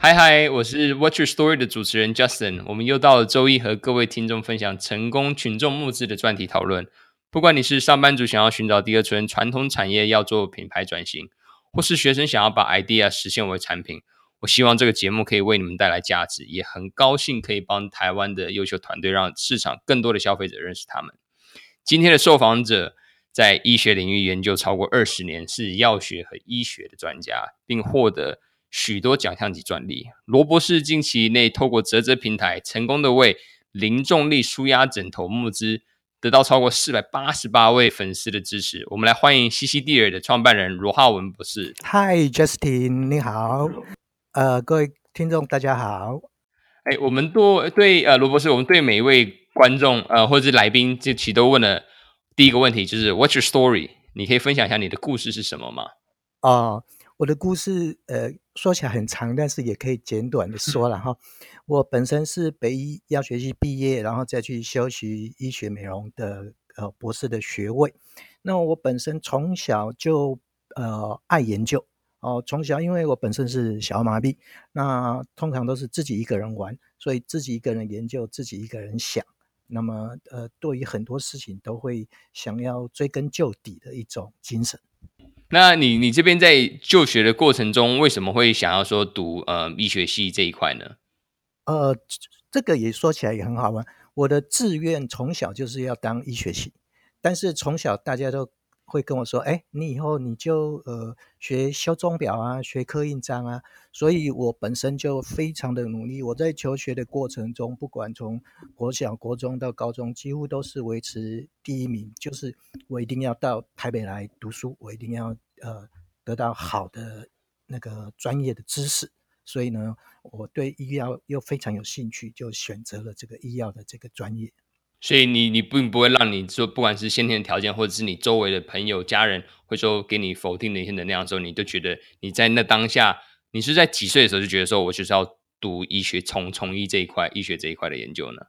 嗨嗨，Hi, Hi, 我是 Watch Your Story 的主持人 Justin，我們又到了週一，和各位聽眾分享成功群眾募資的專題討論。不管你是上班族想要尋找第二春，傳統產業要做品牌轉型，或是學生想要把 idea 實現為產品，我希望這個節目可以為你們帶來價值，也很高興可以幫台灣的優秀團隊讓市場更多的消費者認識他們。今天的受訪者在醫學領域研究超過二十年，是藥學和醫學的專家，並獲得許多獎項及專利，羅博士近期內透過嘖嘖平台，成功的為零重力舒壓枕頭募資，得到超過四百八十八位粉絲的支持。我們來歡迎西西蒂爾的創辦人羅浩文博士。Hi Justin，你好，呃，各位聽眾大家好。哎、欸，我們對對呃，羅博士，我們對每一位觀眾呃或者是來賓，這期都問了第一個問題，就是 What's your story？你可以分享一下你的故事是什麼嗎？啊。Uh, 我的故事，呃，說起來很長，但是也可以簡短的說了哈。呵呵，我本身是北醫藥學系畢業，然後再去修習醫學美容的呃博士的學位。那我本身從小就呃愛研究哦、呃，從小因為我本身是小兒麻痺，那通常都是自己一個人玩，所以自己一個人研究，自己一個人想。那麼呃，對於很多事情都會想要追根究底的一種精神。那你你這邊在就學的過程中，為什麼會想要說讀呃醫學系這一塊呢？呃，這個也說起來也很好玩。我的志願從小就是要當醫學系，但是從小大家都。會跟我說：“哎，你以後你就呃學修鐘錶啊，學刻印章啊。”所以，我本身就非常的努力。我在求學的過程中，不管從國小、國中到高中，幾乎都是維持第一名。就是我一定要到台北來讀書，我一定要呃得到好的那個專業的知識。所以呢，我對醫藥又非常有興趣，就選擇了這個醫藥的這個專業。所以你你並不會讓你說，不管是先天的條件，或者是你周圍的朋友、家人會說給你否定的一些能量的時候，你就覺得你在那當下，你是在幾歲的時候就覺得說，我就是要讀醫學、從從醫這一塊、醫學這一塊的研究呢？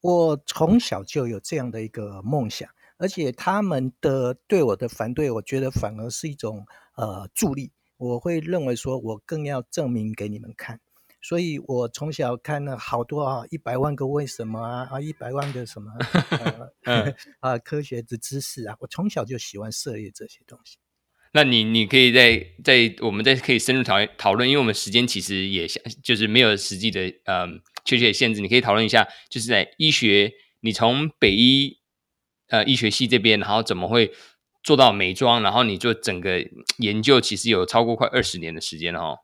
我從小就有這樣的一個夢想，而且他們的對我的反對，我覺得反而是一種呃助力。我會認為說我更要證明給你們看。所以我從小看了好多啊，一百萬個為什麼啊，啊，一百萬個什麼啊、 嗯呵呵，啊，科學的知識啊，我從小就喜歡涉獵這些東西。那你，你可以在在我們在可以深入討論討論，因為我們時間其實也相，就是沒有實際的嗯確切的限制，你可以討論一下，就是在醫學，你從北醫呃醫學系這邊，然後怎麼會做到美妝，然後你做整個研究，其實有超過快二十年的時間了哦。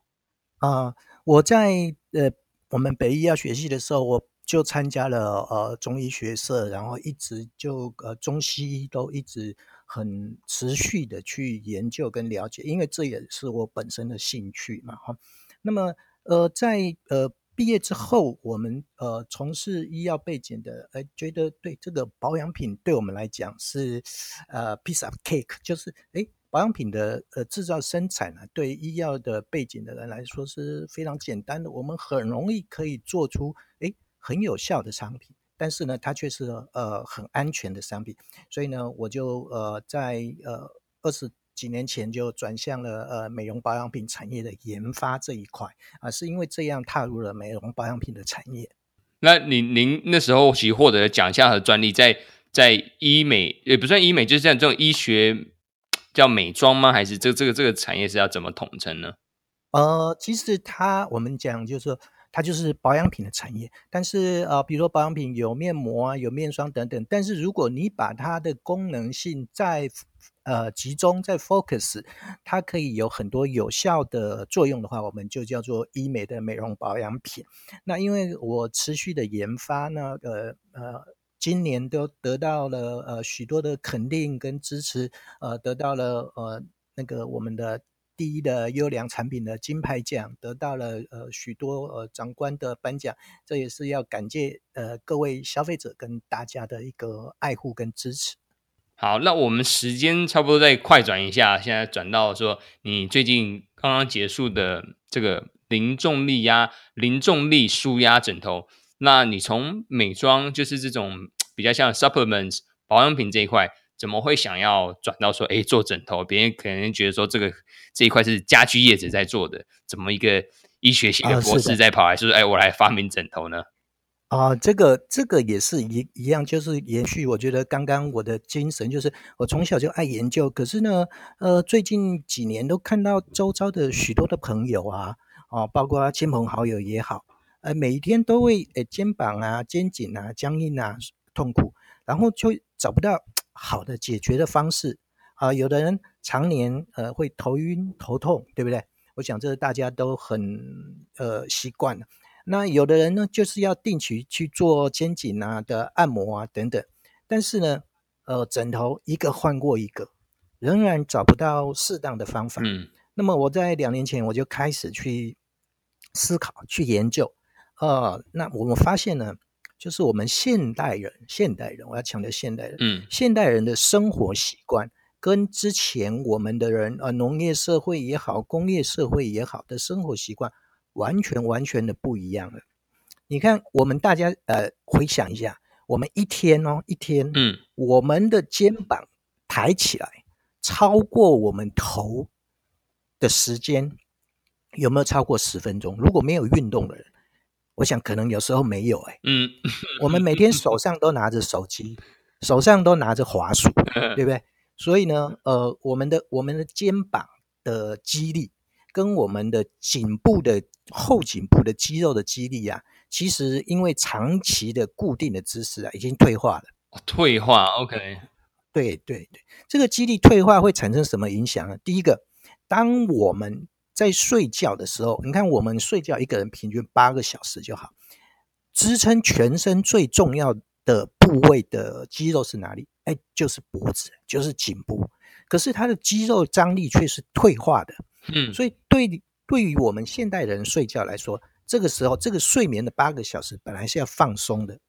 啊、嗯。我在呃，我們北醫藥學系的時候，我就參加了呃中醫學社，然後一直就呃中西醫都一直很持續的去研究跟了解，因為這也是我本身的興趣嘛哈、哦。那麼呃，在呃畢業之後，我們呃從事醫藥背景的，哎、呃、覺得對這個保養品對我們來講是呃 piece of cake，就是哎。誒保養品的呃制造生產呢、啊，對醫藥的背景的人來說是非常簡單的，我們很容易可以做出誒很有效的商品，但是呢，它卻是呃很安全的商品，所以呢，我就呃在呃二十幾年前就轉向了呃美容保養品產業的研發這一塊啊、呃，是因為這樣踏入了美容保養品的產業。那您您那時候其獲得了獎項和專利在，在在醫美也不算醫美，就是像這,這種醫學。叫美妝嗎？還是這這個這個產業是要怎麼統稱呢？呃，其實它我們講就是它就是保養品的產業，但是呃，比如說保養品有面膜啊，有面霜等等。但是如果你把它的功能性再呃集中在 focus，它可以有很多有效的作用的話，我們就叫做醫美的美容保養品。那因為我持續的研發呢、那個，呃。呃今年都得到了呃許多的肯定跟支持，呃，得到了呃那個我們的第一的優良產品的金牌獎，得到了呃許多呃長官的頒獎，這也是要感謝呃各位消費者跟大家的一個愛護跟支持。好，那我們時間差不多，再快轉一下，現在轉到說你最近剛剛結束的這個零重力壓、零重力舒壓枕頭。那你從美妝就是這種比較像 supplements 保養品這一塊，怎麼會想要轉到說，哎、欸，做枕頭？別人可能覺得說、這個，這個這一塊是家居業者在做的，怎麼一個醫學系的博士在跑來，啊、是說，哎、欸，我來發明枕頭呢？啊、呃，這個這個也是一一樣，就是延續。我覺得剛剛我的精神就是，我從小就愛研究，可是呢，呃，最近幾年都看到周遭的許多的朋友啊，哦、呃，包括親朋好友也好。呃，每一天都會呃肩膀啊、肩頸啊、僵硬啊、痛苦，然後就找不到好的解決的方式啊，呃。有的人常年呃會頭暈頭痛，對不對？我想這是大家都很呃習慣了。那有的人呢，就是要定期去做肩頸啊的按摩啊等等，但是呢，呃，枕頭一個換過一個，仍然找不到適當的方法。嗯。那麼我在兩年前我就開始去思考、去研究。呃，那我們發現呢，就是我們現代人，現代人，我要強調現代人，嗯，現代人的生活習慣跟之前我們的人，呃，農業社會也好，工業社會也好的生活習慣，完全完全的不一樣了。你看，我們大家，呃，回想一下，我們一天哦，一天，嗯，我們的肩膀抬起來超過我們頭的時間，有沒有超過十分鐘？如果沒有運動的人。我想可能有時候沒有哎、欸，嗯， 我們每天手上都拿着手機，手上都拿着滑鼠， 對不對？所以呢，呃，我們的我們的肩膀的肌力，跟我們的頸部的後頸部的肌肉的肌力啊，其實因為長期的固定的姿勢啊，已經退化了。退化，OK，、呃、對對對，這個肌力退化會產生什麼影響、啊？第一個，當我們在睡覺的時候，你看我們睡覺一個人平均八個小時就好，支撐全身最重要的部位的肌肉是哪裡？哎，就是脖子，就是頸部。可是它的肌肉張力卻是退化的，嗯，所以對對於我們現代人睡覺來說，這個時候這個睡眠的八個小時本來是要放鬆的，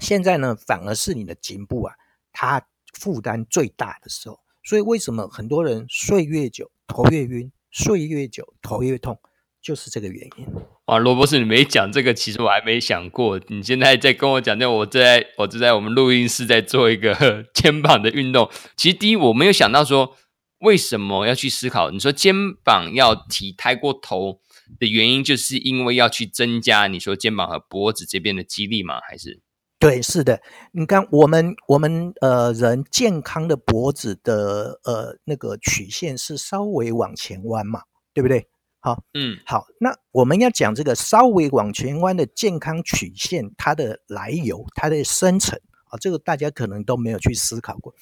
現在呢，反而是你的頸部啊，它負擔最大的時候。所以為什麼很多人睡越久頭越暈？睡越久，頭越痛，就是這個原因。啊，羅博士，你沒講這個，其實我還沒想過。你現在在跟我講，就我在，我就在我們錄音室在做一個肩膀的運動。其實第一，我沒有想到說為什麼要去思考。你說肩膀要提太過頭的原因，就是因為要去增加你說肩膀和脖子這邊的肌力嗎？還是？對，是的，你看我們我們呃人健康的脖子的呃那個曲線是稍微往前彎嘛，對不對？好，嗯，好，那我們要講這個稍微往前彎的健康曲線，它的來由，它的生成啊，這個大家可能都沒有去思考過。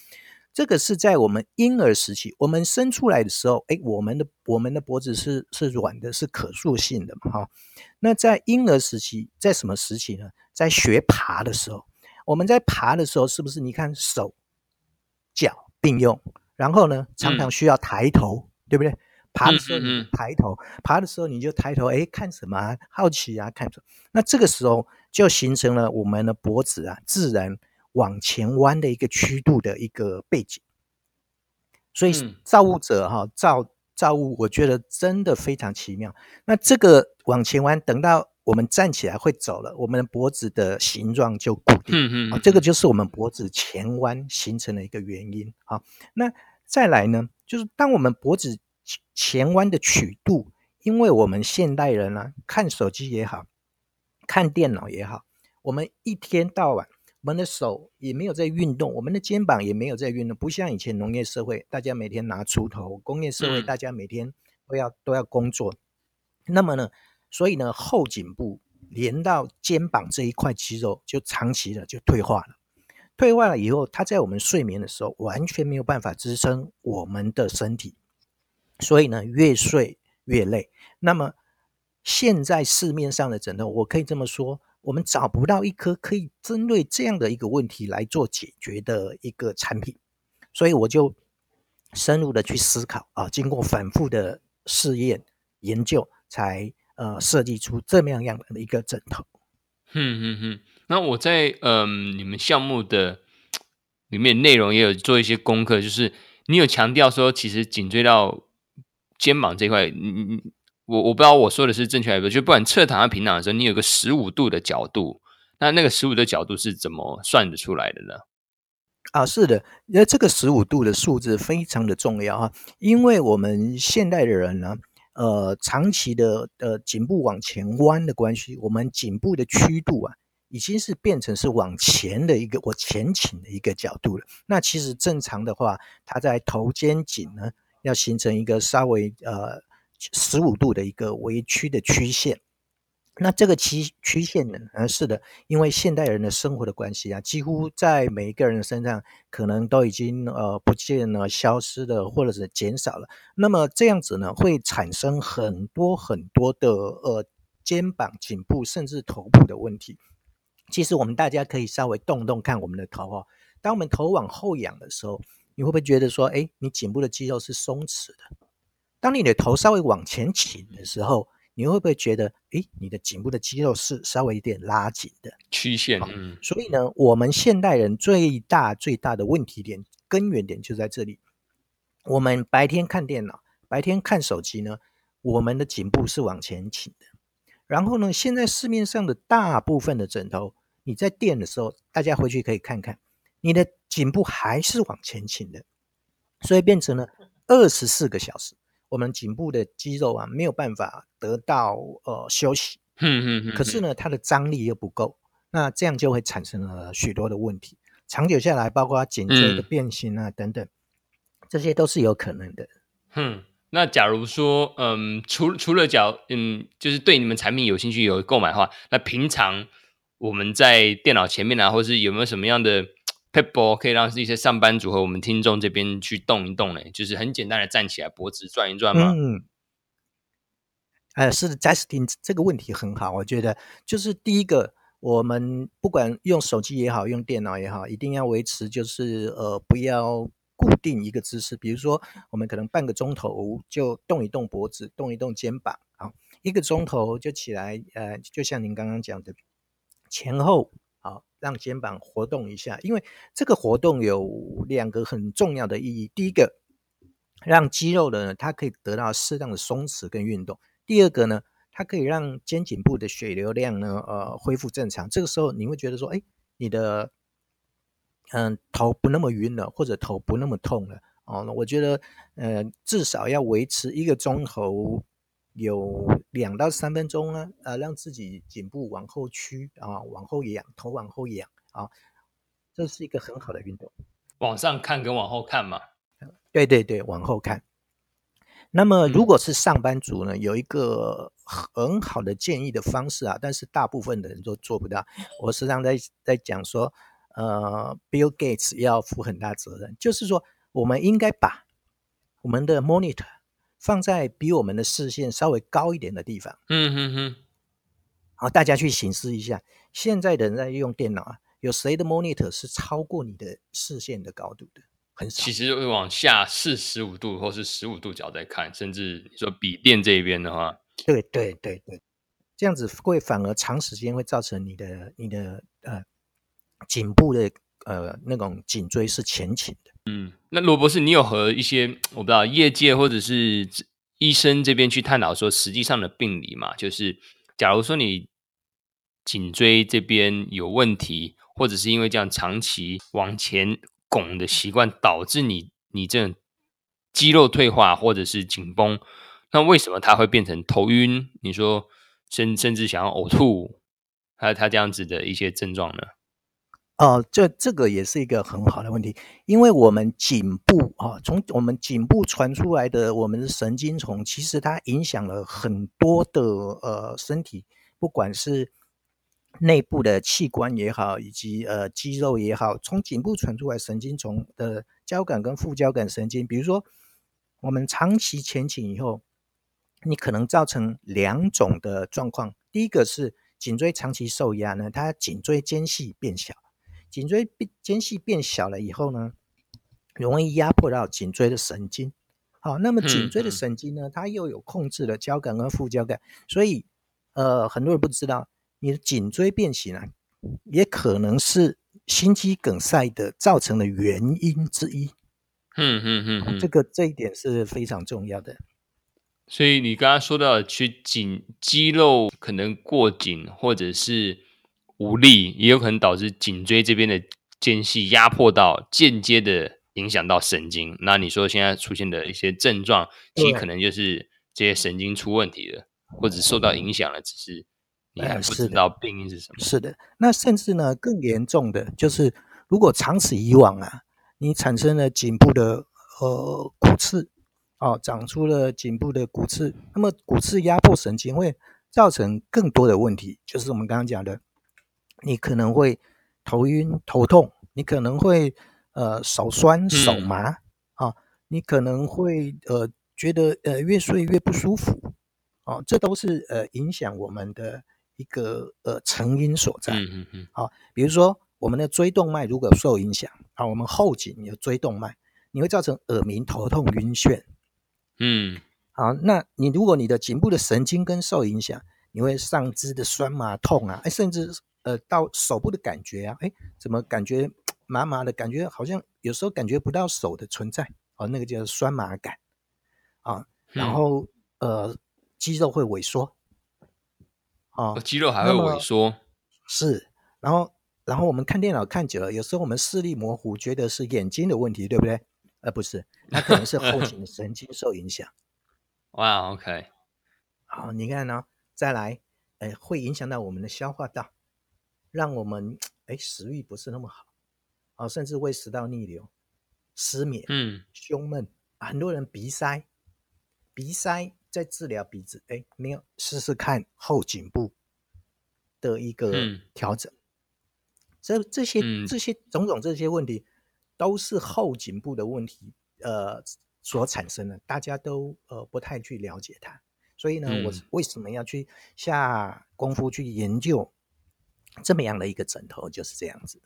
這個是在我們嬰兒時期，我們生出來的時候，哎，我們的我們的脖子是是軟的，是可塑性的哈、哦。那在嬰兒時期，在什麼時期呢？在學爬的時候，我們在爬的時候，是不是你看手腳並用，然後呢，常常需要抬頭，嗯、對不對？爬的時候你、嗯嗯、抬頭，爬的時候你就抬頭，哎，看什麼、啊？好奇啊，看什麼。什那這個時候就形成了我們的脖子啊，自然。往前彎的一個曲度的一個背景，所以造物者哈、啊、造造物，我覺得真的非常奇妙。那這個往前彎，等到我們站起來會走了，我們的脖子的形狀就固定，嗯嗯，這個就是我們脖子前彎形成的一個原因啊。那再來呢，就是當我們脖子前彎的曲度，因為我們現代人呢、啊，看手機也好，看電腦也好，我們一天到晚。我們的手也沒有在運動，我們的肩膀也沒有在運動，不像以前農業社會，大家每天拿鋤頭；工業社會，大家每天都要都要工作。那麼呢，所以呢，後頸部連到肩膀這一塊肌肉就長期的就退化了。退化了以後，它在我們睡眠的時候完全沒有辦法支撐我們的身體，所以呢，越睡越累。那麼現在市面上的枕頭，我可以這麼說。我們找不到一顆可以針對這樣的一個問題來做解決的一個產品，所以我就深入的去思考啊，經過反復的試驗研究，才呃設計出這麼樣樣的一個枕頭嗯。嗯嗯嗯。那我在嗯、呃、你們項目的裡面內容也有做一些功課，就是你有強調說，其實頸椎到肩膀這塊，嗯嗯。我我不知道我說的是正確還是不正確。就不管側躺還是平躺的時候，你有個十五度的角度，那那個十五度的角度是怎麼算得出來的呢？啊，是的，那這個十五度的數字非常的重要啊，因為我們現代的人呢、啊，呃，長期的呃頸部往前彎的關係，我們頸部的曲度啊，已經是變成是往前的一個或前傾的一個角度了。那其實正常的話，它在頭肩頸呢，要形成一個稍微呃。十五度的一個微曲的曲線，那這個曲曲線呢？呃，是的，因為現代人的生活的關係啊，幾乎在每一個人身上可能都已經呃不見了、消失的或者是減少了。那麼這樣子呢，會產生很多很多的呃肩膀、頸部甚至頭部的問題。其實我們大家可以稍微動動看我們的頭哦，當我們頭往後仰的時候，你會不會覺得說，哎，你頸部的肌肉是鬆弛的？當你的頭稍微往前傾的時候，你會不會覺得，誒，你的頸部的肌肉是稍微有點拉緊的曲線？嗯、啊。所以呢，我們現代人最大最大的問題點根源點就在這裡。我們白天看電腦，白天看手機呢，我們的頸部是往前傾的。然後呢，現在市面上的大部分的枕頭，你在墊的時候，大家回去可以看看，你的頸部還是往前傾的，所以變成了二十四個小時。我們頸部的肌肉啊，沒有辦法得到呃休息，嗯嗯嗯，嗯嗯，可是呢，它的張力又不夠，那這樣就會產生了許多的問題，長久下來，包括它頸椎的變形啊、嗯、等等，這些都是有可能的。嗯，那假如說，嗯，除除了腳，嗯，就是對你們產品有興趣有購買的話，那平常我們在電腦前面啊，或是有沒有什麼樣的？h e o p o 可以讓一些上班族和我們聽眾這邊去動一動嘞，就是很簡單的站起來，脖子轉一轉嘛。嗯，哎、呃，是的，Justin，這個問題很好，我覺得就是第一個，我們不管用手機也好，用電腦也好，一定要維持就是呃，不要固定一個姿勢，比如說我們可能半個鐘頭就動一動脖子，動一動肩膀啊，一個鐘頭就起來，呃，就像您剛剛講的前後。讓肩膀活動一下，因為這個活動有兩個很重要的意義。第一個，讓肌肉的它可以得到適當的鬆弛跟運動；第二個呢，它可以讓肩頸部的血流量呢，呃，恢復正常。這個時候你會覺得說，哎，你的，嗯、呃，頭不那麼暈了，或者頭不那麼痛了。哦，我覺得，呃，至少要維持一個鐘頭。有兩到三分鐘呢，呃，讓自己頸部往後屈啊，往後仰，頭往後仰啊，這是一個很好的運動。往上看跟往後看嘛？對對對，往後看。那麼如果是上班族呢，嗯，有一個很好的建議的方式啊，但是大部分的人都做不到。我時常在在講說，呃，Bill Gates 要負很大責任，就是說，我們應該把我們的 monitor。放在比我們的視線稍微高一點的地方。嗯嗯嗯。好，大家去省思一下，現在的人在用電腦啊，有誰的 monitor 是超過你的視線的高度的？很少。其實會往下四十五度或是十五度角在看，甚至說筆電這一邊的話，對對對對，這樣子會反而長時間會造成你的你的呃頸部的呃那種頸椎是前傾的。嗯，那羅博士，你有和一些我不知道業界或者是醫生這邊去探討說，實際上的病理嘛？就是假如說你頸椎這邊有問題，或者是因為這樣長期往前拱的習慣，導致你你這肌肉退化或者是緊繃，那為什麼它會變成頭暈？你說甚甚至想要嘔吐，還有他這樣子的一些症狀呢？哦，這這個也是一個很好的問題，因為我們頸部啊、哦，從我們頸部傳出來的我們的神經叢，其實它影響了很多的呃身體，不管是內部的器官也好，以及呃肌肉也好，從頸部傳出來神經叢的交感跟副交感神經，比如說我們長期前傾以後，你可能造成兩種的狀況，第一個是頸椎長期受壓呢，它頸椎間隙變小。頸椎變間隙變小了以後呢，容易壓迫到頸椎的神經。好、哦，那麼頸椎的神經呢，嗯、它又有控制了交感和副交感，所以呃，很多人不知道，你的頸椎變形啊，也可能是心肌梗塞的造成的原因之一。嗯嗯嗯，嗯嗯嗯這個這一點是非常重要的。所以你剛剛說到的，去頸肌肉可能過緊，或者是，無力也有可能導致頸椎這邊的間隙壓迫到，間接的影響到神經。那你說現在出現的一些症狀，其實可能就是這些神經出問題了，哎呀。或者受到影響了，只是你還不知道病因是什麼。是的，是的，那甚至呢更嚴重的，就是如果長此以往啊，你產生了頸部的呃骨刺，哦，長出了頸部的骨刺，那麼骨刺壓迫神經會造成更多的問題，就是我們剛剛講的。你可能會頭暈頭痛，你可能會呃手酸手麻、嗯、啊，你可能會呃覺得呃越睡越不舒服啊，這都是呃影響我們的一個呃成因所在。嗯嗯嗯。好、啊，比如說我們的椎動脈如果受影響啊，我們後頸有椎動脈，你會造成耳鳴、頭痛、暈眩。嗯。好、啊，那你如果你的頸部的神經根受影響，因為上肢的酸麻痛啊，哎，甚至呃到手部的感覺啊，哎，怎麼感覺麻麻的感覺？好像有時候感覺不到手的存在啊、哦，那個叫酸麻感啊、哦。然後、嗯、呃，肌肉會萎縮、哦、肌肉還會萎縮是。然後然後我們看電腦看久了，有時候我們視力模糊，覺得是眼睛的問題，對不對？呃，不是，那可能是後頸的神經受影響。哇 Wow ,，OK，好、哦，你看呢、哦？再來，哎、呃，會影響到我們的消化道，讓我們哎食欲不是那麼好，啊，甚至胃食道逆流、失眠、嗯、胸悶、啊，很多人鼻塞，鼻塞在治療鼻子，哎，沒有試試看後頸部的一個調整，所以這、嗯、這些這些種種這些問題，嗯、都是後頸部的問題，呃，所產生的，大家都呃不太去了解它。所以呢，嗯，我是為什麼要去下功夫去研究這麼樣的一個枕頭，就是這樣子。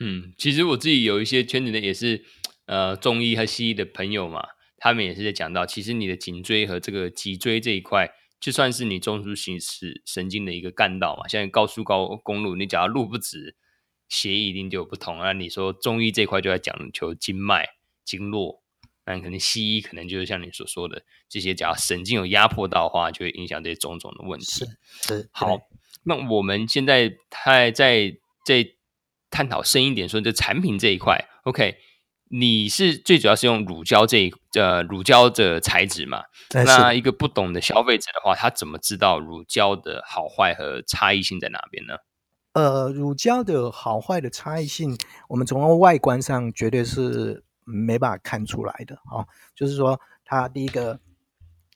嗯，其實我自己有一些圈子呢，也是呃中醫和西醫的朋友嘛，他們也是在講到，其實你的頸椎和這個脊椎這一塊，就算是你中樞性神經的一個幹道嘛，像高速高公路，你只要路不直，斜一定就有不同。那你說中醫這塊就在講求經脈、經絡。那可能西醫可能就是像你所說的這些，假如神經有壓迫到的話，就會影響這些種種的問題。是，是，對。好，那我們現在還在，在探討深一點說，說這產品這一塊。OK，你是最主要是用乳膠這一呃乳膠的材質嘛？是那一個不懂的消費者的話，他怎麼知道乳膠的好壞和差異性在哪邊呢？呃，乳膠的好壞的差異性，我們從外觀上絕對是，沒辦法看出來的啊、哦，就是說它第一個，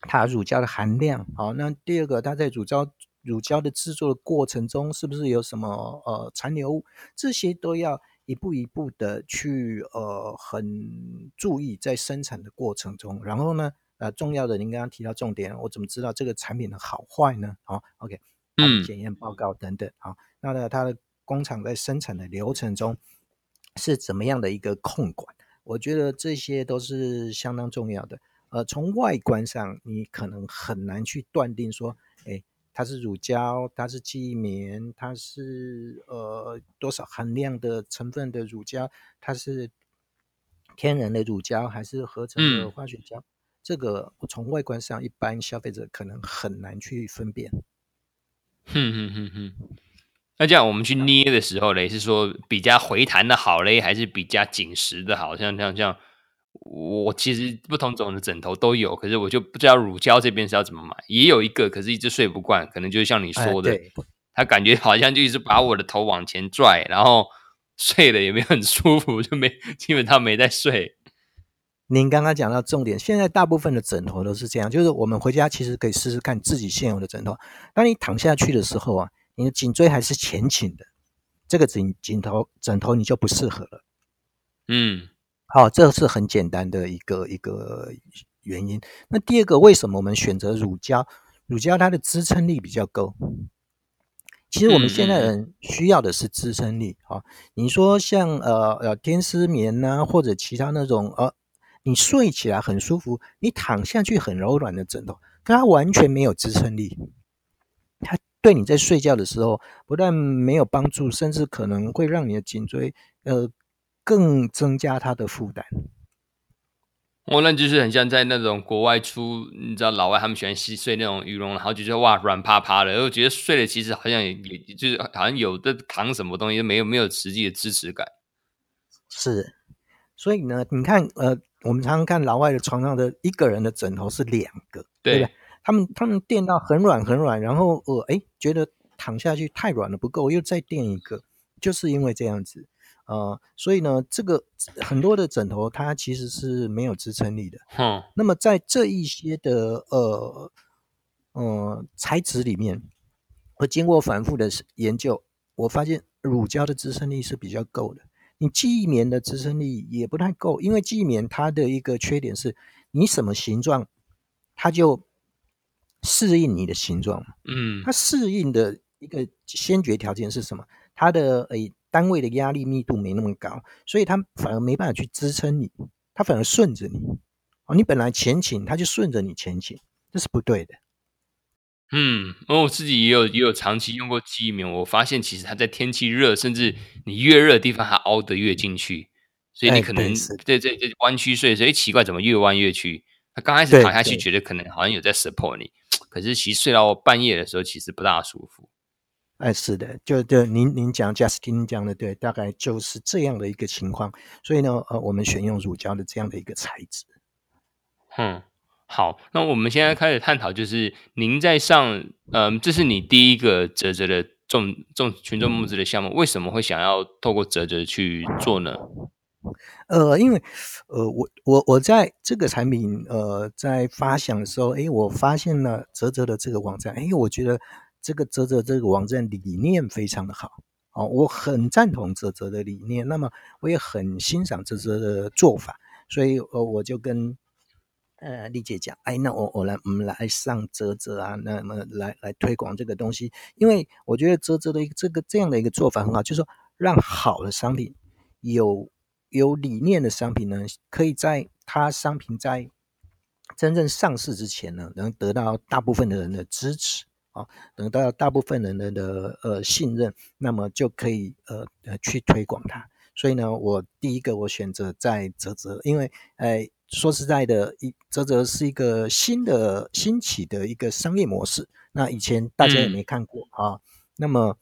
它乳膠的含量好、哦，那第二個它在乳膠乳膠的制作的過程中是不是有什麼呃殘留物，這些都要一步一步的去呃很注意在生產的過程中。然後呢，呃重要的您剛剛提到重點，我怎麼知道這個產品的好壞呢？好、哦，OK，嗯，檢驗報告等等啊、哦，那呢它的工廠在生產的流程中是怎麼樣的一個控管？我覺得這些都是相當重要的。呃，從外觀上，你可能很難去斷定說，哎，它是乳膠，它是記憶棉，它是呃多少含量的成分的乳膠，它是天然的乳膠還是合成的化學膠，嗯、這個從外觀上，一般消費者可能很難去分辨。哼哼哼哼。嗯嗯嗯那這樣我們去捏的時候嘞，是說比較回彈的好嘞，還是比較緊實的好？像像像我其實不同種的枕頭都有，可是我就不知道乳膠這邊是要怎麼買。也有一個，可是一直睡不慣，可能就像你說的，他感覺好像就一直把我的頭往前拽，然後睡了，也沒有很舒服，就沒，基本上沒在睡。您剛剛講到重點，現在大部分的枕頭都是這樣，就是我們回家其實可以試試看自己現有的枕頭。當你躺下去的時候啊。你的頸椎還是前傾的，這個枕枕頭枕頭你就不適合了。嗯，好、哦，這是很簡單的一個一個原因。那第二個，為什麼我們選擇乳膠？乳膠它的支撐力比較夠。其實我們現代人需要的是支撐力啊、嗯哦。你說像呃呃天絲棉吶、啊，或者其他那種呃，你睡起來很舒服，你躺下去很柔軟的枕頭，它完全沒有支撐力，它。對你在睡覺的時候不但沒有幫助，甚至可能會讓你的頸椎呃更增加它的負擔。我、嗯、那就是很像在那種國外出，你知道老外他們喜歡吸睡那種羽絨，然後就覺得哇軟趴趴的，然後覺得，帕帕的覺得睡的其實好像也就是好像有的扛什麼東西，沒有沒有實際的支持感。是，所以呢，你看呃，我們常常看老外的床上的一個人的枕頭是兩個，對對？對吧他們他們墊到很軟很軟，然後我哎、呃欸、覺得躺下去太軟了不夠，又再墊一個，就是因為這樣子，呃，所以呢，這個很多的枕頭它其實是沒有支撐力的。嗯。那麼在這一些的呃呃材質裡面，我經過反復的研究，我發現乳膠的支撐力是比較夠的。你記憶棉的支撐力也不太夠，因為記憶棉它的一個缺點是你什麼形狀，它就。適應你的形狀，嗯，它適應的一個先決條件是什麼？它的誒、欸、單位的壓力密度沒那麼高，所以它反而沒辦法去支撐你，它反而順着你。哦，你本來前傾，它就順着你前傾，這是不對的。嗯，哦，我自己也有也有長期用過記憶棉，我發現其實它在天氣熱，甚至你越熱的地方，它凹得越進去，所以你可能、哎、對是這這這彎曲睡，所以奇怪怎麼越彎越曲？它剛開始躺下去覺得可能好像有在 support 你。可是，其實睡到半夜的時候，其實不大舒服。哎、呃，是的，就對您您講，Justin 您講的對，大概就是這樣的一個情況。所以呢，呃，我們選用乳膠的這樣的一個材質。嗯，好，那我們現在開始探討，就是您在上，嗯、呃，這是你第一個嘖嘖的重重群眾募資的項目，嗯、為什麼會想要透過嘖嘖去做呢？嗯呃，因為呃，我我我在這個產品呃在發想的時候，哎，我發現了嘖嘖的這個網站，哎，我覺得這個嘖嘖這個網站理念非常的好，哦、呃，我很贊同嘖嘖的理念，那麼我也很欣賞嘖嘖的做法，所以、呃、我就跟呃麗姐講，哎，那我我來我們來，來上嘖嘖啊，那麼來來推廣這個東西，因為我覺得嘖嘖的一個這個這樣的一個做法很好，就是說，讓好的商品有。有理念的商品呢，可以在它商品在真正上市之前呢，能得到大部分的人的支持啊，得到大部分的人的的呃信任，那麼就可以呃呃去推廣它。所以呢，我第一個我選擇在嘖嘖，因為呃說實在的，一嘖嘖是一個新的興起的一個商業模式，那以前大家也沒看過、嗯、啊，那麼。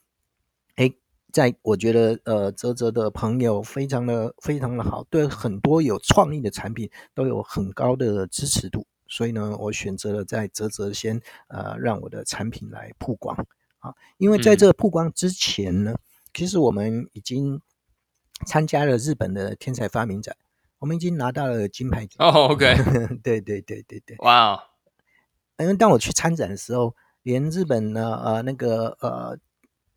在我覺得，呃，嘖嘖的朋友非常的非常的好，對很多有創意的產品都有很高的支持度，所以呢，我選擇了在嘖嘖先呃讓我的產品來曝光啊，因為在這個曝光之前呢，嗯、其實我們已經參加了日本的天才發明展，我們已經拿到了金牌獎哦、oh,，OK， 對對對對對，哇，Wow. 因為當我去參展的時候，連日本呢呃那個呃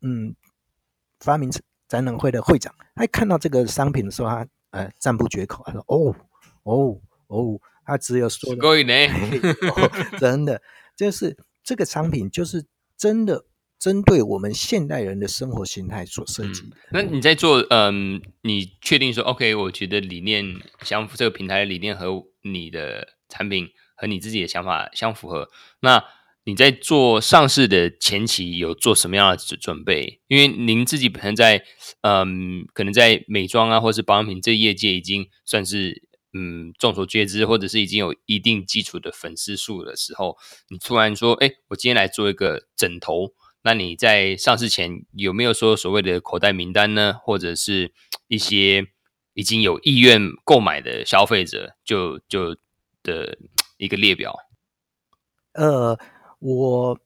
嗯。發明展覽會的會長，哎，看到這個商品的時候，他呃讚不絕口，他說：“哦哦哦！”他只有說：“ 真的，就是這個商品，就是真的針對我們現代人的生活形態所設計。嗯”那你在做，嗯，你確定說，OK，我覺得理念相符。」這個平台的理念和你的產品和你自己的想法相符合，那？你在做上市的前期有做什麼樣的準準備？因為您自己本身在，嗯，可能在美妝啊，或是保養品這業界已經算是嗯眾所皆知，或者是已經有一定基礎的粉絲數的時候，你突然說，哎、欸，我今天來做一個枕頭，那你在上市前有沒有說所謂的口袋名單呢？或者是一些已經有意願購買的消費者就，就就的一個列表？呃。我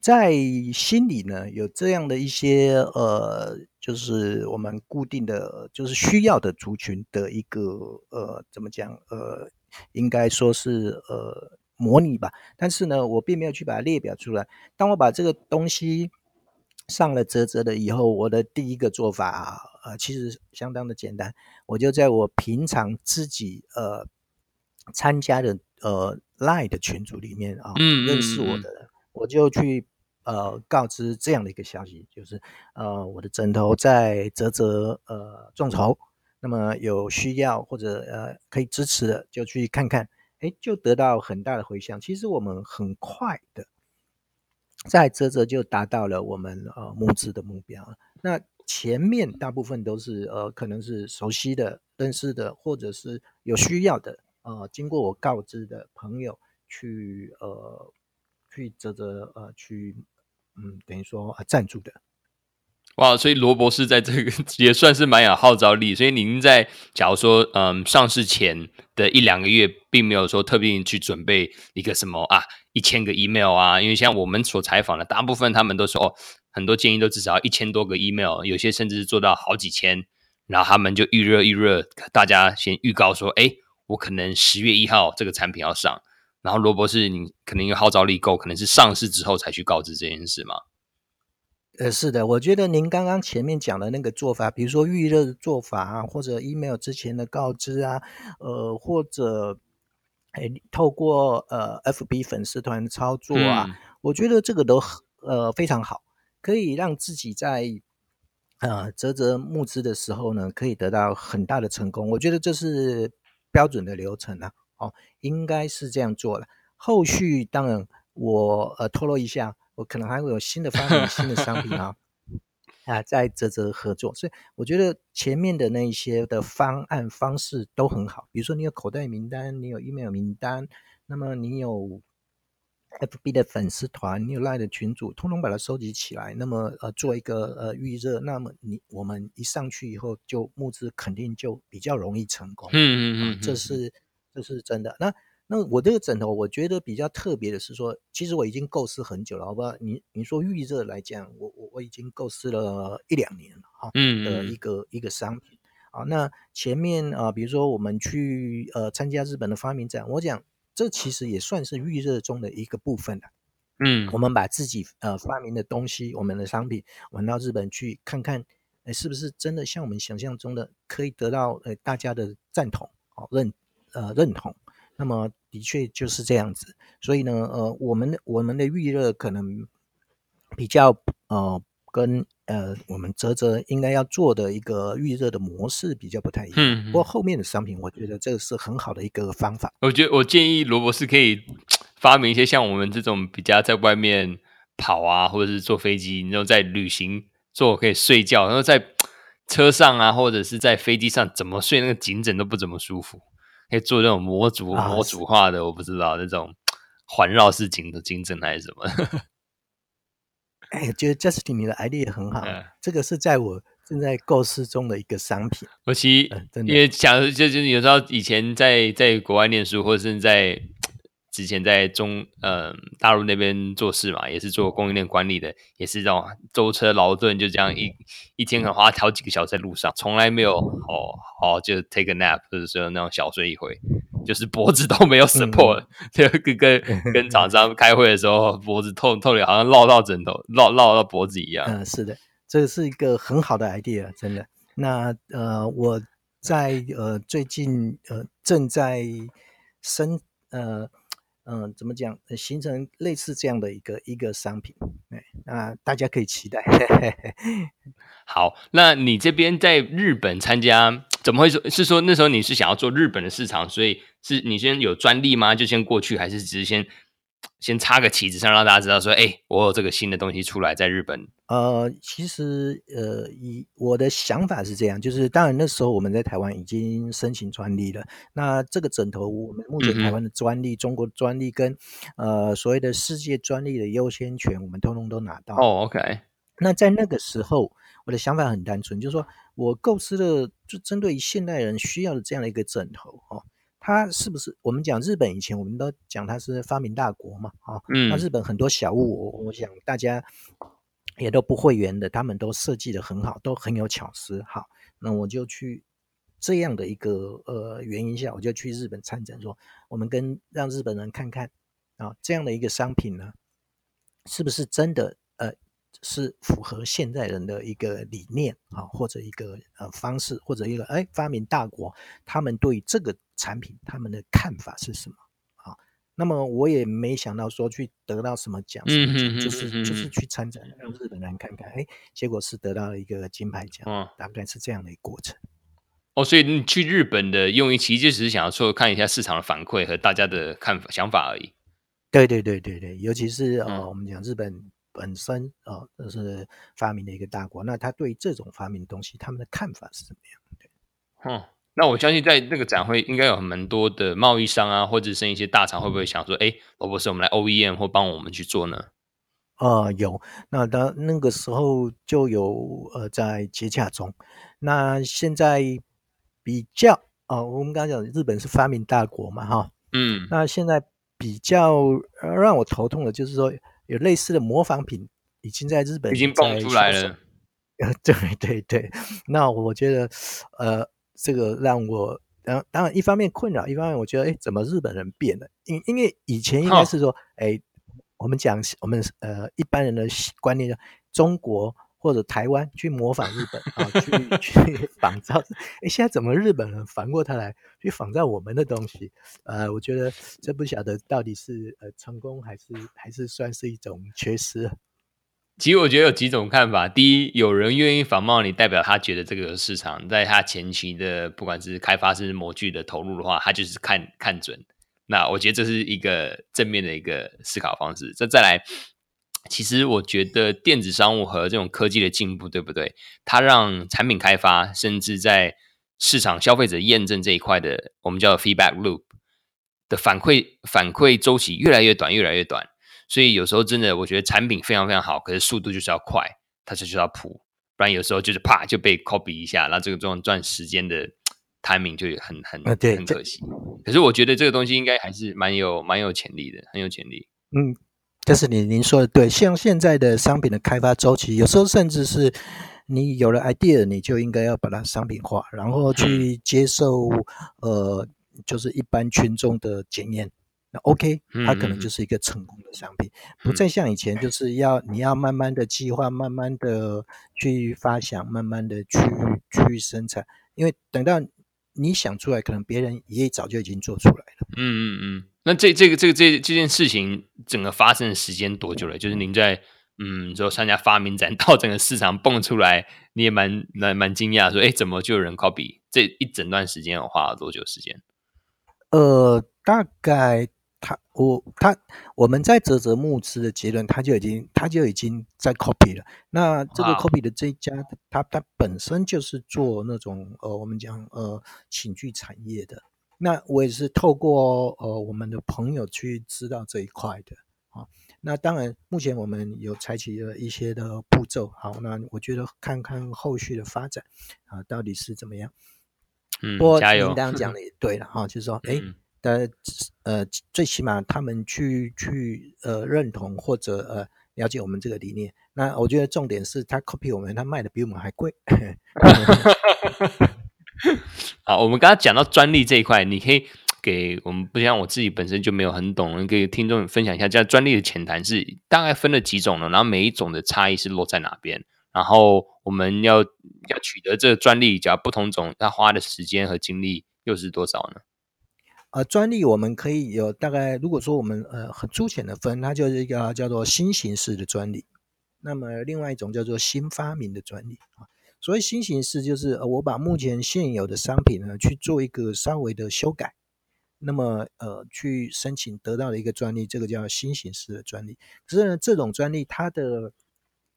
在心裡呢，有這樣的一些呃，就是我們固定的就是需要的族群的一個呃，怎麼講呃，應該說是呃模擬吧。但是呢，我並沒有去把它列表出來。當我把這個東西上了嘖嘖的以後，我的第一個做法呃，其實相當的簡單，我就在我平常自己呃參加的。呃，LINE 的群組裡面啊、哦，認識我的人、嗯嗯嗯，我就去呃告知這樣的一個消息，就是呃我的枕頭在嘖嘖呃眾籌，那麼有需要或者呃可以支持的就去看看，哎，就得到很大的回響。其實我們很快的在嘖嘖就達到了我們呃募資的目標，那前面大部分都是呃可能是熟悉的、認識的，或者是有需要的。呃，經過我告知的朋友去呃去這這呃去嗯等於說、啊、贊助的，哇，所以羅博士在這個也算是蠻有號召力。所以您在假如說嗯、呃、上市前的一兩個月，並沒有說特別去準備一個什麼啊一千個 email 啊，因為像我們所採訪的，大部分他們都說哦，很多建議都至少要一千多個 email，有些甚至是做到好幾千，然後他們就預熱預熱，大家先預告說哎、誒我可能十月一號這個產品要上，然後羅博士，你可能有號召力夠，可能是上市之後才去告知這件事嗎？呃，是的，我覺得您剛剛前面講的那個做法，比如說預熱的做法啊，或者 email 之前的告知啊，呃，或者哎，透過呃 FB 粉絲團操作啊，嗯、我覺得這個都呃非常好，可以讓自己在呃嘖嘖募資的時候呢，可以得到很大的成功。我覺得這是。標準的流程呢、啊？哦，應該是這樣做的。後續當然我，我呃透露一下，我可能還會有新的方案、新的商品啊 啊，在嘖嘖合作。所以我覺得前面的那一些的方案方式都很好。比如說，你有口袋名單，你有 email 名單，那麼你有。F B 的粉絲團、New Line 的群主，通通把它收集起來，那麼呃，做一個呃預熱，那麼你我們一上去以後，就募資肯定就比較容易成功。嗯，嗯嗯嗯，啊、這是這是真的。那那我這個枕頭，我覺得比較特別的是說，其實我已經構思很久了，好不好？你你說預熱來講，我我我已經構思了一兩年了，哈、啊。嗯，嗯。的、呃、一個一個商品，啊，那前面啊，比如說我們去呃參加日本的發明展，我講。這其實也算是預熱中的一個部分了。嗯，我們把自己呃發明的東西，我們的商品，拿到日本去看看，是不是真的像我們想象中的，可以得到、呃、大家的贊同、哦、認呃認同？那麼的確就是這樣子。所以呢，呃，我們我們的預熱可能比較呃。跟呃，我們嘖嘖應該要做的一個預熱的模式比較不太一樣。嗯，不過後面的商品，我覺得這個是很好的一個方法。我覺得我建議羅博士可以發明一些像我們這種比較在外面跑啊，或者是坐飛機，你後在旅行坐可以睡覺，然後在車上啊，或者是在飛機上怎麼睡那個頸枕都不怎麼舒服，可以做這種模組、啊、模組化的，是我不知道那種環繞式頸頸枕還是什麼。 哎、欸，覺得 Justin 你的 ID 也很好，嗯、這個是在我正在構思中的一個商品。尤其、嗯、因為講就是有時候以前在在國外念書，或者是在。之前在中呃大陸那邊做事嘛，也是做供應鏈管理的，也是這種舟車勞頓，就這樣一一天可能花好幾個小時在路上，從來沒有好好、哦哦、就 take a nap，就是那種小睡一回，就是脖子都沒有 support，就、嗯、 跟跟跟廠商開會的時候脖子痛痛的，好像落到枕頭落落到脖子一樣。嗯、呃，是的，這是一個很好的 idea，真的。那呃，我在呃最近呃正在生呃。嗯，怎麼講？形成類似這樣的一個一個商品，哎，那大家可以期待。嘿嘿嘿。好，那你這邊在日本參加，怎麼會說？是說那時候你是想要做日本的市場，所以是？你先有專利嗎？就先過去，還是只是先先插個旗子，上讓大家知道說，哎、欸，我有這個新的東西出來，在日本。呃，其實呃，以我的想法是這樣，就是當然那時候我們在台灣已經申請專利了。那這個枕頭，我們目前台灣的專利、嗯、中國專利跟呃所謂的世界專利的優先權，我們通通都拿到。哦、oh，OK。那在那個時候，我的想法很單純，就是說我構思的就針對於現代人需要的這樣的一個枕頭哦，它是不是我們講日本以前我們都講它是發明大國嘛？啊、哦，那、嗯、日本很多小物，我我想大家。也都不會員的，他們都設計的很好，都很有巧思。好，那我就去這樣的一個呃原因，下，我就去日本參展說，說我們跟讓日本人看看啊、哦，這樣的一個商品呢，是不是真的呃是符合現代人的一個理念啊、哦，或者一個呃方式，或者一個哎發明大國，他們對於這個產品他們的看法是什麼？那麼我也沒想到說去得到什麼獎，就是就是去參展，讓日本人看看，哎、嗯嗯欸，結果是得到了一個金牌獎，嗯、大概是這樣的一個過程。哦，所以你去日本的用意其實就只是想要說看一下市場的反饋和大家的看法想法而已。對對對對對，尤其是呃，嗯、我們講日本本身啊，呃就是發明的一個大國，那他對於這種發明的東西，他們的看法是怎麼樣的？對嗯那我相信在這個展會應該有很蠻多的貿易商啊，或者是一些大廠會不會想說，哎、嗯，羅博士，我們來 OEM 或幫我們去做呢？啊、呃，有，那當那個時候就有呃在接洽中。那現在比較啊、呃，我們剛剛講日本是發明大國嘛，哈，嗯，那現在比較讓我頭痛的就是說，有類似的模仿品已經在日本在已經蹦出來了。下手 對對對，那我覺得呃。這個讓我當當然一方面困擾，一方面我覺得哎，怎麼日本人變了？因因為以前應該是說，哎、oh.，我們講我們呃一般人的觀念，叫中國或者台灣去模仿日本 啊，去去仿造。哎，現在怎麼日本人反過頭來去仿造我們的東西？呃，我覺得這不曉得到底是呃成功還是還是算是一種缺失。其實我覺得有幾種看法。第一，有人願意仿冒你，代表他覺得這個市場在他前期的不管是開發是模具的投入的話，他就是看看準。那我覺得這是一個正面的一個思考方式。再再來，其實我覺得電子商務和這種科技的進步，對不對？它讓產品開發，甚至在市場消費者驗證這一塊的，我們叫 feedback loop 的反饋反饋週期越來越短，越來越短。所以有時候真的，我覺得產品非常非常好，可是速度就是要快，它就是需要鋪不然有時候就是啪就被 copy 一下，那這個這種賺時間的 timing 就很很很可惜。嗯、可是我覺得這個東西應該還是蠻有蠻有潛力的，很有潛力。嗯，但、就是你您說的對，像現在的商品的開發周期，有時候甚至是你有了 idea，你就應該要把它商品化，然後去接受 呃，就是一般群眾的檢驗。那 OK，它可能就是一個成功的商品，嗯嗯嗯嗯，不再像以前，就是要你要慢慢的計劃，慢慢的去發想，慢慢的去去生產，因為等到你想出來，可能別人也早就已經做出來了。嗯嗯嗯。那這這個這個這這件事情，整個發生的時間多久了？就是您在嗯做商家發明展到整個市場蹦出來，你也蠻蠻蠻驚訝說，說哎怎麼就有人 copy？這一整段時間，我花了多久時間？呃，大概。他我他我們在嘖嘖募資的結論，他就已經他就已經在 copy 了。那這個 copy 的這一家，他他好本身就是做那種呃，我們講呃寢具產業的。那我也是透過呃我們的朋友去知道這一塊的啊、哦。那當然，目前我們有採取了一些的步驟。好，那我覺得看看後續的發展啊、呃，到底是怎麼樣？嗯，加油。不過您剛剛講的也對了哈、 哦，就是說，哎。嗯但呃，最起碼他們去去呃認同或者呃了解我們這個理念。那我覺得重點是他 copy 我們，他賣的比我們還貴。 好，我們剛剛講到專利這一塊，你可以給我們，不像我自己本身就沒有很懂，跟聽眾分享一下，這樣專利的淺談是大概分了幾種呢？然後每一種的差異是落在哪邊？然後我們要要取得這個專利，假如不同種，它花的時間和精力又是多少呢？呃，專利我們可以有大概，如果說我們呃很粗淺的分，它就是一個叫做新型式的專利，那麼另外一種叫做新發明的專利啊。所以新型式就是呃我把目前現有的商品呢去做一個稍微的修改，那麼呃去申請得到的一個專利，這個叫新型式的專利。可是呢，這種專利它的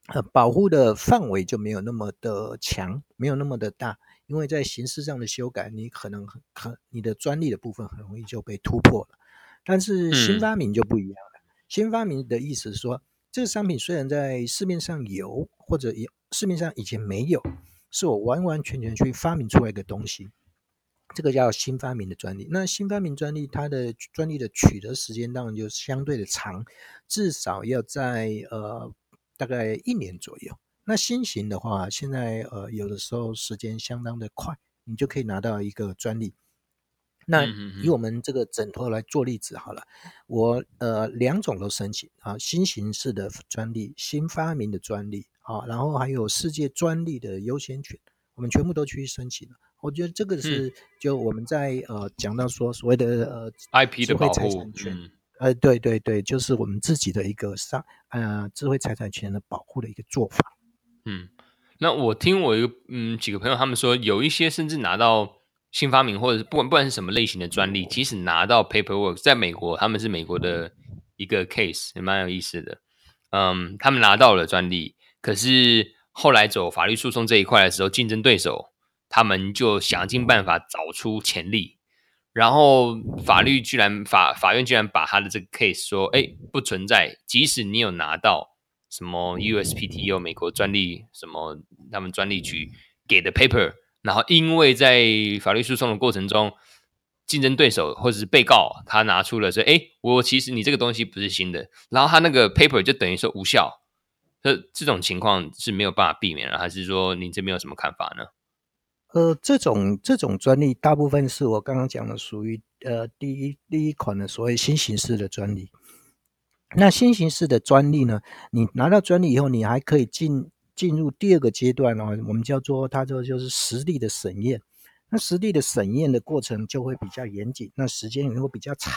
呃保護的範圍就沒有那麼的強，沒有那麼的大。因為在形式上的修改，你可能很、很、你的專利的部分很容易就被突破了。但是新發明就不一樣了。嗯、新發明的意思是說，這個商品雖然在市面上有，或者也市面上以前沒有，是我完完全全去發明出來的東西。這個叫新發明的專利。那新發明專利它的專利的取得時間當然就相對的長，至少要在呃大概一年左右。那新型的話，現在呃，有的時候時間相當的快，你就可以拿到一個專利。那以我們這個枕頭來做例子好了，我呃兩種都申請啊，新形式的專利、新發明的專利啊，然後還有世界專利的優先權，我們全部都去申請。我覺得這個是就我們在、嗯、呃講到說所謂的呃 IP 的保護智慧財產權，嗯、呃對對對，就是我們自己的一個上呃智慧財產權的保護的一個做法。嗯，那我聽我一個嗯，幾個朋友他們說，有一些甚至拿到新發明，或者是不管不管是什麼類型的專利，即使拿到 paperwork，在美國他們是美國的一個 case 也蠻有意思的。嗯，他們拿到了專利，可是後來走法律訴訟這一塊的時候，競爭對手他們就想盡辦法找出潛力，然後法律居然法法院居然把他的這個 case 說，哎，不存在，即使你有拿到。什麼 USPTO 美國專利什麼他們專利局給的 paper，然後因為在法律訴訟的過程中，競爭對手或者是被告他拿出了說，哎，我其實你這個東西不是新的，然後他那個 paper 就等於說無效，這這種情況是沒有辦法避免了，還是說你這邊有什麼看法呢？呃，這種這種專利大部分是我剛剛講的屬於呃第一第一款的所謂新形式的專利。那新形式的專利呢？你拿到專利以後，你還可以進進入第二個階段哦、喔，我們叫做它就就是實地的審驗。那實地的審驗的過程就會比較嚴謹，那時間也會比較長。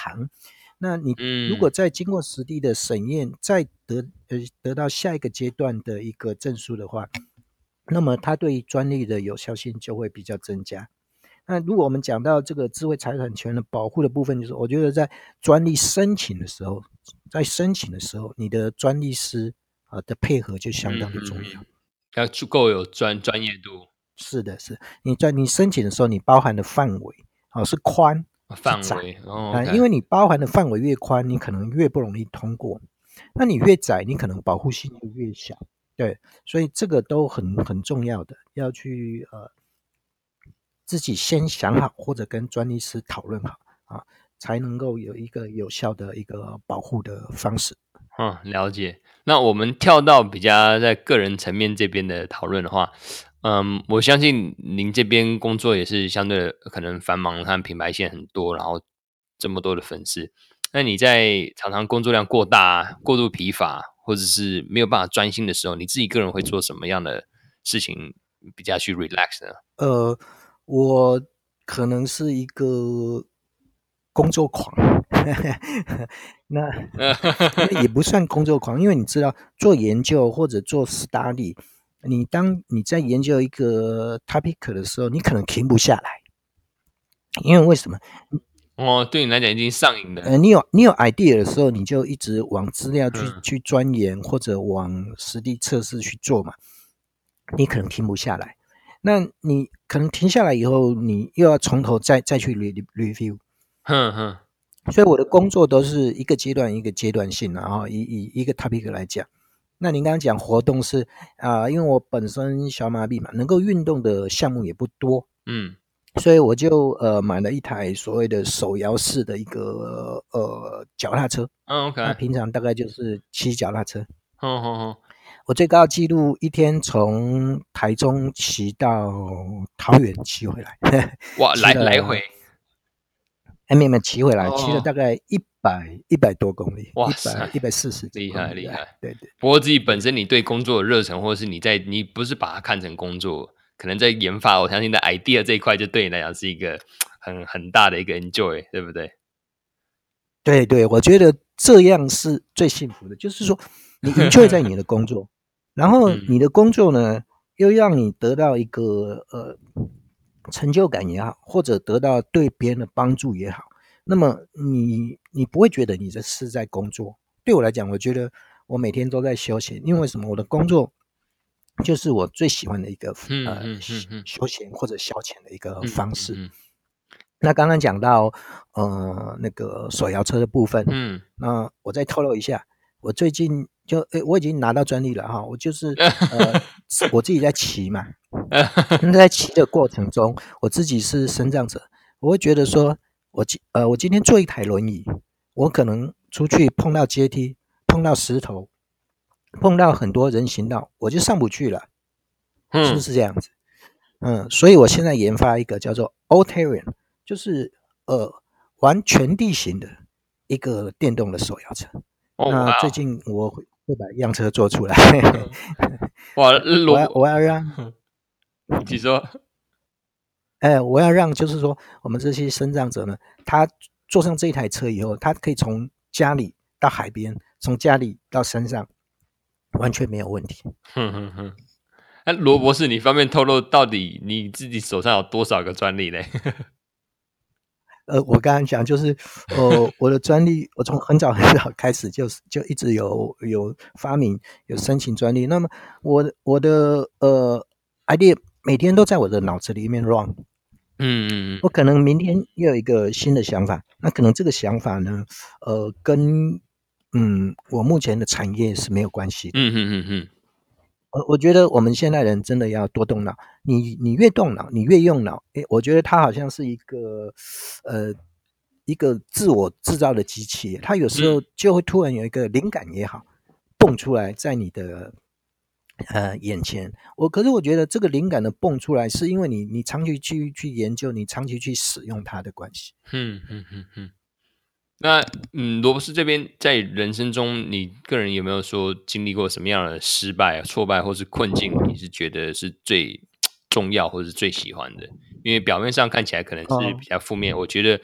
那你如果再經過實地的審驗，再得呃得到下一個階段的一個證書的話，那麼它對於專利的有效性就會比較增加。那如果我們講到這個智慧財產權的保護的部分，就是我覺得在專利申請的時候。在申請的時候，你的專利師啊、呃、的配合就相當的重要，要、嗯、足夠有專專業度。是的是，是你在你申請的時候，你包含的範圍啊、呃、是寬，範圍啊，哦 okay，因為你包含的範圍越寬，你可能越不容易通過。那你越窄，你可能保護性就越小。對，所以這個都很很重要的，要去呃自己先想好，或者跟專利師討論好啊。才能夠有一個有效的一個保護的方式。嗯，了解。那我們跳到比較在個人層面這邊的討論的話，嗯，我相信您這邊工作也是相對可能繁忙，和品牌線很多，然後這麼多的粉絲。那你在常常工作量過大、過度疲乏，或者是沒有辦法專心的時候，你自己個人會做什麼樣的事情比較去 relax 呢？呃，我可能是一個。工作狂， 那， 那也不算工作狂，因為你知道，做研究或者做 study，你當你在研究一個 topic 的時候，你可能停不下來，因為為什麼？哦，對你來講已經上癮了。呃，你有你有 idea 的時候，你就一直往資料去、嗯、去鑽研，或者往實地測試去做嘛，你可能停不下來。那你可能停下來以後，你又要從頭再再去 review。哼哼，呵呵，所以我的工作都是一個階段一個階段性，啊，然後以以一個 topic 來講。那您剛剛講活動是啊，呃，因為我本身小兒麻痺嘛，能夠運動的項目也不多，嗯，所以我就呃買了一台所謂的手搖式的一個呃腳踏車，嗯、哦、OK，那平常大概就是騎腳踏車。嗯嗯嗯，我最高紀錄一天從台中騎到桃園騎回來，哇，到來來回。後面騎回來，哦、騎了大概一百一百多公里，哇塞，一百四十，厲害厲害。對對，不過自己本身你對工作的熱忱，或是你在你不是把它看成工作，可能在研發，我相信在 idea 這一塊，就對你來講是一個很很大的一個 enjoy，對不對？對對，我覺得這樣是最幸福的，就是說你 enjoy 在你的工作， 然後你的工作呢、嗯、又讓你得到一個呃。成就感也好，或者得到對別人的幫助也好，那麼你你不會覺得你這是在工作。對我來講，我覺得我每天都在休閒。因為，為什麼？我的工作就是我最喜歡的一個、嗯嗯嗯、呃休閒或者消遣的一個方式。嗯嗯嗯、那剛剛講到呃那個手搖車的部分，嗯，那我再透露一下，我最近。就誒、欸，我已經拿到專利了哈，我就是呃， 我自己在騎嘛。那在騎的過程中，我自己是身障者，我會覺得說，我今呃，我今天坐一台輪椅，我可能出去碰到階梯、碰到石頭、碰到很多人行道，我就上不去了，是不是這樣子？嗯，嗯，所以我現在研發一個叫做 All Terrain，就是呃，完全地形的一個電動的手搖車。那、oh, wow. 呃、最近我。會把樣車做出來， 我我要讓你說，哎，我要讓，就是說，我們這些身障者呢，他坐上這台車以後，他可以從家裡到海邊，從家裡到山上，完全沒有問題。哼哼哼，哎、嗯，羅、嗯、博、啊、士，你方便透露到底你自己手上有多少個專利嘞？ 呃，我剛剛講就是，呃，我的專利，我從很早很早開始就就一直有有發明，有申請專利。那麼我，我的我的呃 idea 每天都在我的腦子裡面 run。嗯，我可能明天又有一個新的想法，那可能這個想法呢，呃，跟嗯我目前的產業是沒有關係的。嗯嗯嗯嗯。我我覺得我們現代人真的要多動腦，你你越動腦，你越用腦。誒，我覺得它好像是一個呃一個自我制造的機器，它有時候就會突然有一個靈感也好蹦出來在你的呃眼前。我可是我覺得這個靈感的蹦出來，是因為你你長期去去研究，你長期去使用它的關係。嗯嗯嗯嗯。嗯嗯嗯那嗯，羅博士這邊在人生中，你個人有沒有說經歷過什麼樣的失敗、挫敗或是困境？你是覺得是最重要或是最喜歡的？因為表面上看起來可能是比較負面。哦、我覺得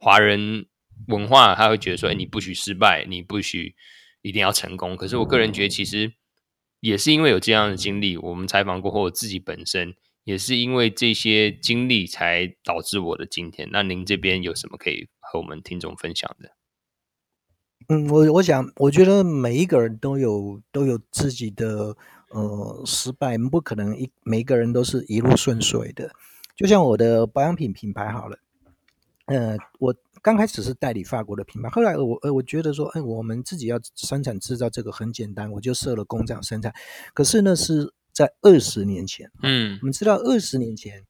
華人文化他會覺得說：“誒、欸、你不許失敗，你不許一定要成功。”可是我個人覺得，其實也是因為有這樣的經歷，我們採訪過後，我自己本身也是因為這些經歷才導致我的今天。那您這邊有什麼可以？和我們聽眾分享的，嗯，我我想，我覺得每一個人都有都有自己的呃失敗，不可能一每一個人都是一路順遂的。就像我的保養品品牌好了，呃，我剛開始是代理法國的品牌，後來我呃我覺得說，哎，我們自己要生產制造這個很簡單，我就設了工廠生產。可是呢，是在二十年前，嗯，我們知道二十年前，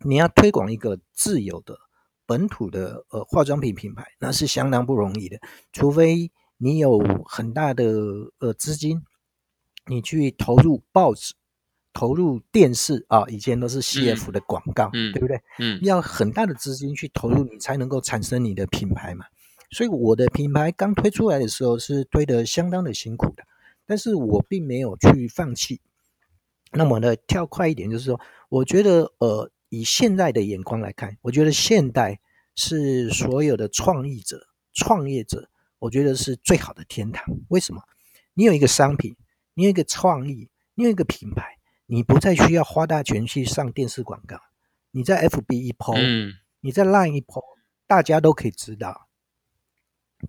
你要推廣一個自有的。本土的呃化妝品品牌，那是相當不容易的，除非你有很大的呃資金，你去投入報紙、投入電視啊，以前都是 CF 的廣告，嗯、對不對？嗯，嗯要很大的資金去投入，你才能夠產生你的品牌嘛。所以我的品牌剛推出來的時候是推得相當的辛苦的，但是我並沒有去放棄。那麼呢，跳快一點，就是說，我覺得呃。以現在的眼光來看，我覺得現代是所有的創意者、創業者，我覺得是最好的天堂。為什麼？你有一個商品，你有一個創意，你有一個品牌，你不再需要花大錢去上電視廣告，你在 FB 一 PO，你在 LINE 一 PO，大家都可以知道，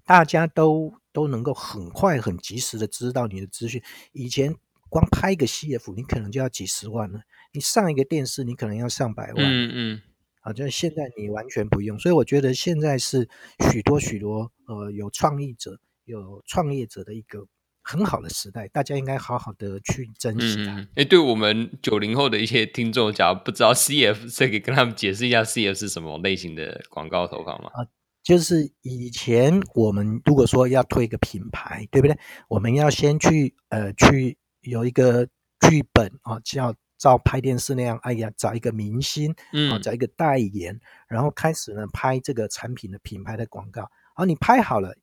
大家都都能夠很快、很及時的知道你的資訊。以前光拍一個 CF，你可能就要幾十萬了。你上一個電視，你可能要上百萬。嗯嗯，好、嗯啊，就是現在你完全不用，所以我覺得現在是許多許多呃有創意者、有創業者的一個很好的時代，大家應該好好的去珍惜它。誒、嗯欸，對我們九零後的一些聽眾，假如不知道 CF 這個，跟他們解釋一下 CF 是什麼類型的廣告投放嗎？啊，就是以前我們如果說要推一個品牌，對不對？我們要先去呃去有一個劇本啊，叫。照拍電視那樣，哎呀、啊，找一個明星，嗯、啊，找一個代言，嗯、然後開始呢拍這個產品的品牌的廣告。然後、啊、你拍好了，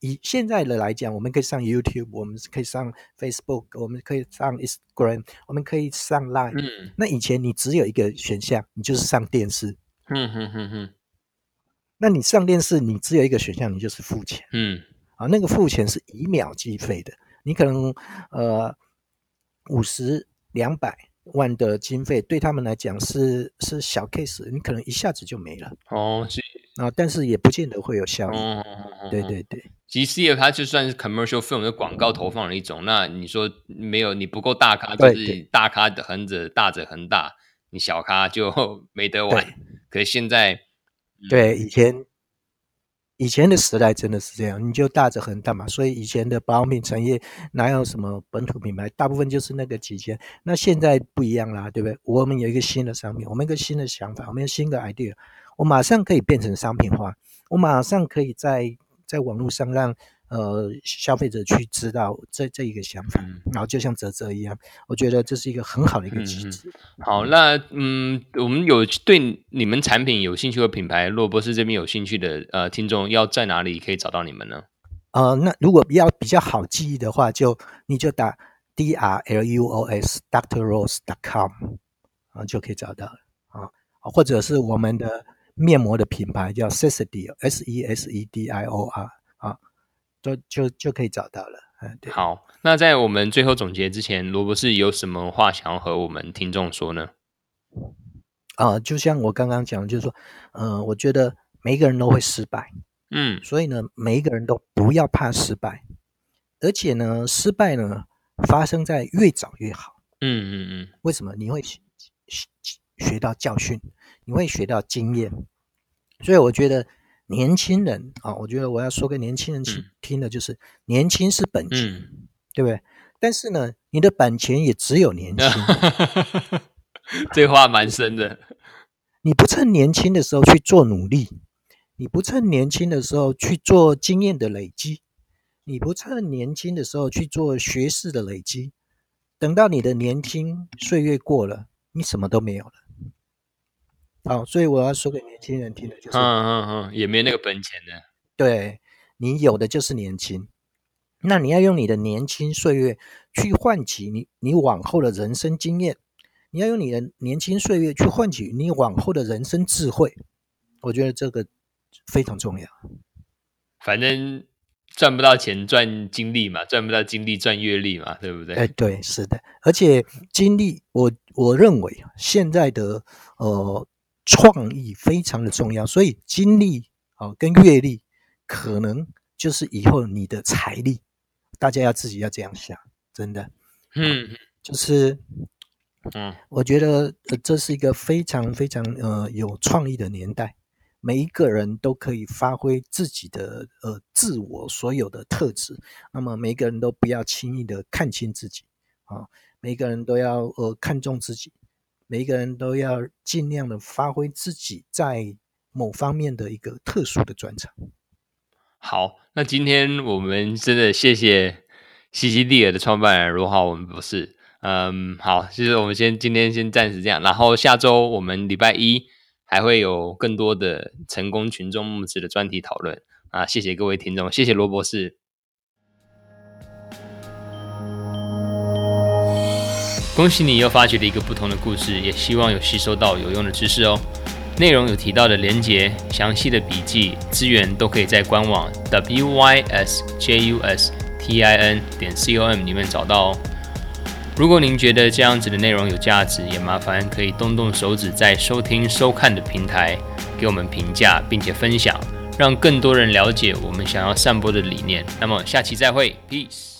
以現在的來講，我們可以上 YouTube，我們可以上 Facebook，我們可以上 Instagram，我們可以上 Line。嗯、那以前你只有一個選項，你就是上電視。嗯哼哼哼。嗯嗯、那你上電視，你只有一個選項，你就是付錢。嗯。啊，那個付錢是以秒計費的，你可能呃五十兩百。50, 200, 萬的經費對他們來講是是小 case，你可能一下子就沒了。哦，啊、呃，但是也不見得會有效益。嗯、對對對，其實它就算是 commercial film 的廣告投放的一種。嗯、那你說沒有你不夠大咖，就是大咖的橫着對大着很大，對你小咖就沒得玩。對可是現在，對、嗯、以前。以前的時代真的是這樣，你就大着很大嘛，所以以前的保養品產業哪有什麼本土品牌，大部分就是那個幾間。那現在不一樣啦，對不對？我們有一個新的商品，我們有一個新的想法，我們有新的 idea，我馬上可以變成商品化，我馬上可以在在網絡上讓。呃，消費者去知道這這一個想法，嗯、然後就像嘖嘖一樣，我覺得這是一個很好的一個機制。嗯、好，那嗯，我們有對你們產品有興趣的品牌，羅博士這邊有興趣的呃聽眾，要在哪裡可以找到你們呢？呃，那如果要比較好記憶的話，就你就打 d r l u o s doctor rose dot com 啊、呃、就可以找到啊、呃，或者是我們的面膜的品牌叫 sesedior s e s e d i o r。就就就可以找到了，嗯，對，好，那在我們最後總結之前，羅博士有什麼話想要和我們聽眾說呢？啊，就像我剛剛講，就是說，嗯、呃，我覺得每一個人都會失敗，嗯，所以呢，每一個人都不要怕失敗，而且呢，失敗呢，發生在越早越好，嗯嗯嗯，為什麼？你會學學到教訓，你會學到經驗，所以我覺得。年輕人啊，我覺得我要說給年輕人聽，聽的就是，嗯、年輕是本錢，嗯、對不對？但是呢，你的本錢也只有年輕。 這話蠻深的。你不趁年輕的時候去做努力，你不趁年輕的時候去做經驗的累積，你不趁年輕的時候去做學識的累積，等到你的年輕歲月過了，你什麼都沒有了。好，哦，所以我要說給年輕人聽的就是，嗯嗯嗯，也沒有那個本錢的。對，你有的就是年輕，那你要用你的年輕歲月去換取你你往後的人生經驗，你要用你的年輕歲月去換取你往後的人生智慧。我覺得這個非常重要。反正賺不到錢，賺經歷嘛；賺不到經歷，賺閱歷嘛，對不對？哎，對，是的。而且經歷，我我認為現在的呃。創意非常的重要，所以經歷哦跟閱歷，可能就是以後你的財力，大家要自己要這樣想，真的，啊、嗯，就是，嗯，我覺得、呃、這是一個非常非常呃有創意的年代，每一個人都可以發揮自己的呃自我所有的特質，那麼每個人都不要輕易的看輕自己啊、呃，每個人都要呃看重自己。每一個人都要儘量的發揮自己在某方面的一個特殊的專長。好，那今天我們真的謝謝 cc 蒂爾的創辦人羅華文博士。嗯，好，其實我們先今天先暫時這樣，然後下周我們禮拜一還會有更多的成功群眾募資的專題討論啊！謝謝各位聽眾，謝謝羅博士。恭喜你又發掘了一個不同的故事，也希望有吸收到有用的知識哦。內容有提到的連接、詳細的筆記、資源都可以在官網 w y s j u s t i n 點 c o m 裡面找到哦。如果您覺得這樣子的內容有價值，也麻煩可以動動手指在收聽收看的平台給我們評價，並且分享，讓更多人了解我們想要散播的理念。那麼下期再會，peace。